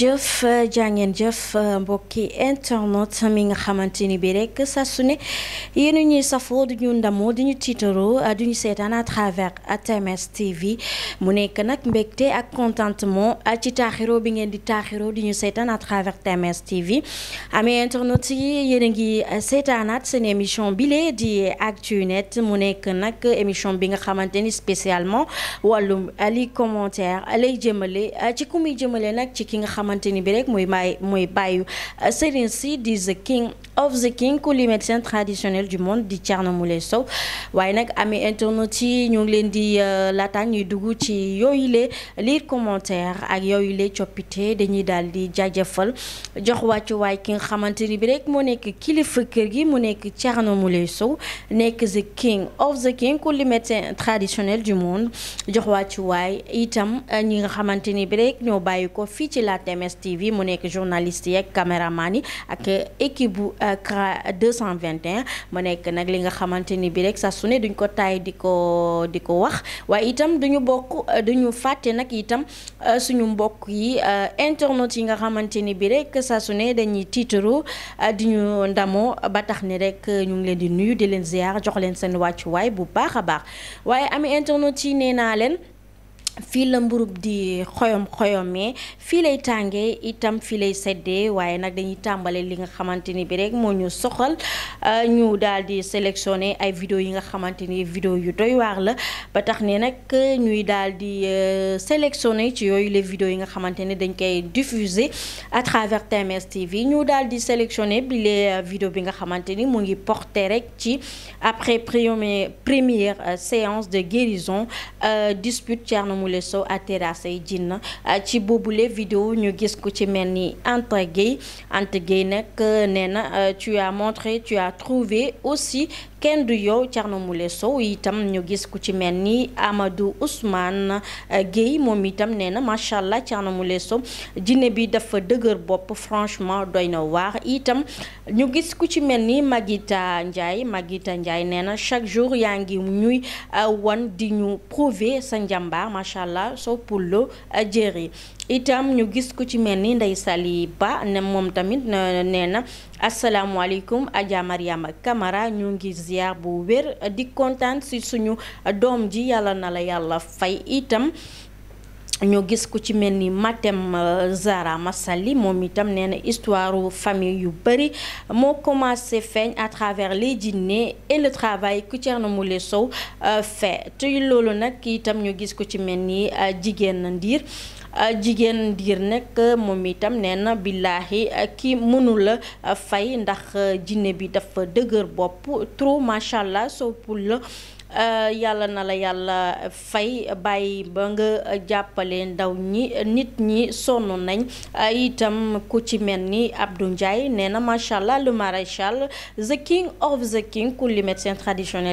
jël jëf jàngeen jëf mbokki internet mi nga xamante ni bi rekk sa su ne yéen ñuy safoo du ñu ndamoo du ñu tiitaroo du ñu seetaan à travers TMS TV mu nekk nag mbégte ak contentement ci taaxiroo bi ngeen di taaxiroo du ñu seetaan à travers TMS TV amee yi yéen a ngi seetaanaat seen émission bile di Actunet mu nekk nag émission bi nga xamante ni spécialement wàllum li commentaire lay jëmale ci ku muy jëmale nag ci ki nga xamante ni bi rek muy may muy bàyyu sëriñ si di the king of the King ku li médecin traditionnel du monde di Thierno Moule Sow waaye nag amee internet yi ñoo ngi leen di euh, laataan ñuy dugg ci yooyu yooyule lire commentaire ak yooyu yooyule coppite dañuy daal di jaajëfal jox wàccuwaay ki nga xamante ni bi rek moo nekk kilifa kër gi mu nekk Thierno Moule Sow nekk the King of the King ku médecin traditionnel du monde jox wàccuwaay itam euh, ñi nga xamante ni bi rek ñoo bàyyi ko fii ci la TMS TV mu nekk journaliste yeeg caméraman yi ak CRA 221 ma nekk nag li nga xamante ni bi rek sa su ne duñ ko taay di ko di ko wax waaye itam duñu bokk duñu fàtte nag itam euh, suñu mbokk yi euh, internet yi nga xamante ni bi rek sa su dañuy tiituru euh, di ñu ndamoo ba tax ni rek ñu ngi leen di nuyu di leen ziar jox leen seen wàccuwaay bu baax a baax waaye ami internet yi nee naa leen fii la mburub di xoyom xoyomee fii lay tàngee itam fii lay seddee waaye nag dañuy tàmbalee li nga xamante ni bi rek moo ñu soxal euh, ñu daal di sélectionné ay vidéo yi nga xamante ni vidéo yu doy la ba tax ne nag ñuy daal di euh, sélectionné ci yooyu les vidéos yi nga xamante ni dañ koy diffuser à travers TMS TV ñu daal di sélectionné bi les euh, vidéo bi nga xamante ni mu ngi porté rek ci après première première séance de guérison dispute Thierno Moule Sow a terrassé Djinn euh, ci boobule video ñu gis ko ci mel ni Anta Gueye ant Gueye nag euh, nee na euh, tu as montré tu as trouvé aussi kenn du yow Thierno Moule Sow itam ñu gis ku ci mel ni Amadou Ousmane euh, Guèye moom itam nee na macha allah Thierno Moule Sow jinne bi dafa dëgër bopp franchement doy na waar itam ñu gis ku ci mel ni Maguita Ndiaye Maguita Ndiaye nee na chaque jour yaa ngi ñuy euh, wan di ñu prouver sa njàmbaar macha allah soo pour le euh, itam ñu gis ku ci mel ni Ndeye Sali ne moom tamit nee na asalaamaaleykum Adja Mariama kamara ñu ngi ziar bu wér di kontaan si suñu doom ji yàlla na la yàlla fay itam ñu gis ko ci mel ni Matem euh, Zara Massali moom itam nee na histoire famille yu bëri moo commencé feeñ à travers les dîners et le travail ku Thierno Moule Sow euh, fait tuy loolu nag itam ñu gis ko ci mel ni euh, jigéen ndiir jigéen ndiir nag moom itam nee na billaahi ki mënula fay ndax jinne bi dafa dëgër bopp trop macha allah soo Euh, yàlla na la yàlla fay bàyyi ba nga jàppale ndaw ñi nit ñi sonn nañ euh, itam ku ci mel ni abdu Ndiaye nee na macha allah le maréchal the king of the king pour les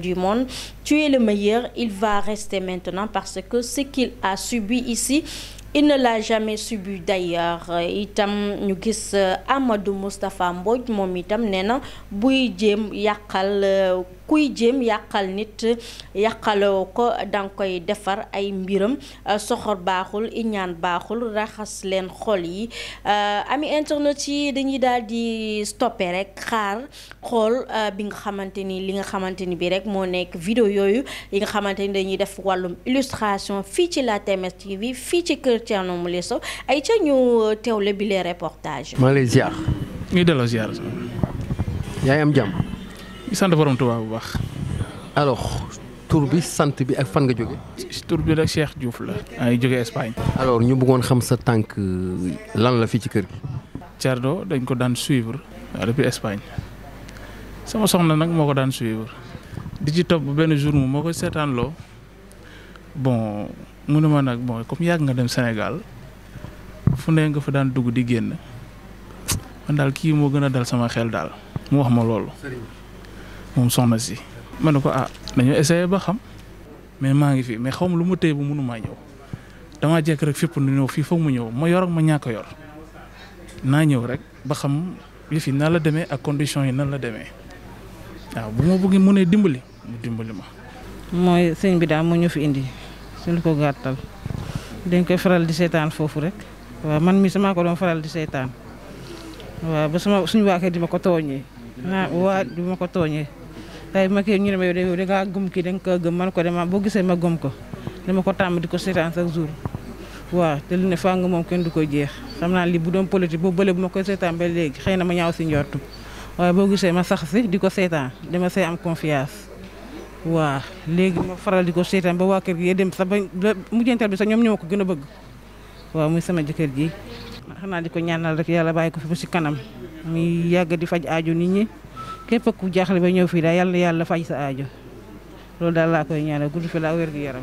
du monde tu es le il va rester maintenant parce que ce qu'il a subi ici il l'a jamais subi d'ailleurs itam ñu gis euh, Amadou Moustapha Mbodj moom itam nee na buy jéem yàqal kuy jéem yàqal nit yàqaloo ko danga koy defar ay mbiram euh, soxor baaxul iñaan baaxul raxas leen xool yi euh, ami internet yi dañuy daal di stoppé rek xaar xool euh, bi nga xamante ni li nga xamante ni bi rek moo nekk vidéo yooyu yi nga xamante ni dañuy def wàllum illustration fii ci la TMS TV fii ci kër Thierno Moule Sow ay ca ñu teewle bi les reportages. maa lay ziar. ñu am jàmm. di sant borom Touba bu baax. alors tur bi sant bi ak fan nga jóge tur bi nag Cheikh Diouf la. ay jóge Espagne. alors ñu buggoon xam sa tànk lan la fii ci kër gi. Thierno dañ ko daan suivre depuis Espagne sama soxna nag moo ko daan suivre. di ci topp benn jour mu moo ko seetaanloo bon mu ne ma nag bon comme yàgg nga dem Sénégal fu ne nga fa daan dugg di génn man daal kii moo gën a dal sama xel daal mu wax ma loolu. moom soxna si. ma ne ko ah dañoo essayé ba xam mais maa ngi fi mais xaw ma lu ma téye bu mënu maa ñëw damaa fépp nu ñëw fii foog mu ñëw ma yor ma ñàkk yor naa ñëw rek ba xam yëf yi nan la demee ak condition yi nan la demee waaw bu ma bëggee mënee dimbali mu dimbali ma. mooy sëñ bi daal fi indi suñu ko gàttal dañ koy faral di seetaan foofu rek man mi sama ko doon faral di seetaan waaw ba sama suñu waa di ma ko tooñee. waaw di ma ko tooñee. tey ma kii ñu ne ma yow da ngaa gëm kii da nga ko gëm man ko dama boo gisee ma gëm ko dama ko tàmm di ko seetaan chaque jour waaw te lu ne fàng moom kenn di ko jeex xam naa li bu doon politique boo bële bu ma koy seetaan ba léegi xëy na ma ñaaw si njortu waaye boo gisee ma sax si di ko seetaan dama see am confiance waa léegi ma faral di ko seetaan ba waa kër gi dem sa ba mujjantal bi sax ñoom ñoo ko gën a bëgg waaw muy sama jëkkër ji xanaa di ko ñaanal rek yàlla bàyyi ko fi bu si kanam muy yàgg di faj aaju nit ñi képp ku jaaxle ba ñëw fii daal yàlla yàlla faj sa aajo loolu daal laa koy ñaanal gudd fi laa wér gu yaram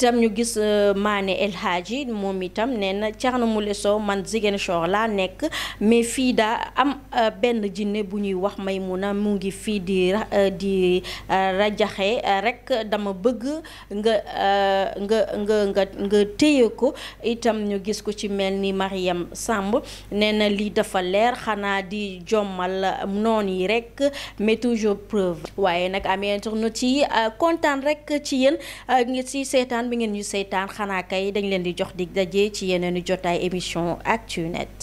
itam ñu gis euh, Mané El Hadji moom itam nee na Thierno Moule Sow man Ziguinchor laa nekk mais fii daa am euh, benn jinne bu ñuy wax Maymuna mu ngi fii di euh, di rajaxe rek dama bëgg nga nga nga nga nga téye ko itam ñu gis ko ci mel ni Mariam sàmb nee na lii dafa leer xanaa di jommal noon yi rek mais toujours preuve waaye nag amee internet yi kontaan rek ci yéen ngi si seetaan bi ngeen ñu seytaan xanaa kay dañ leen di jox di daje ci yeneen i jotaay émission Actu Net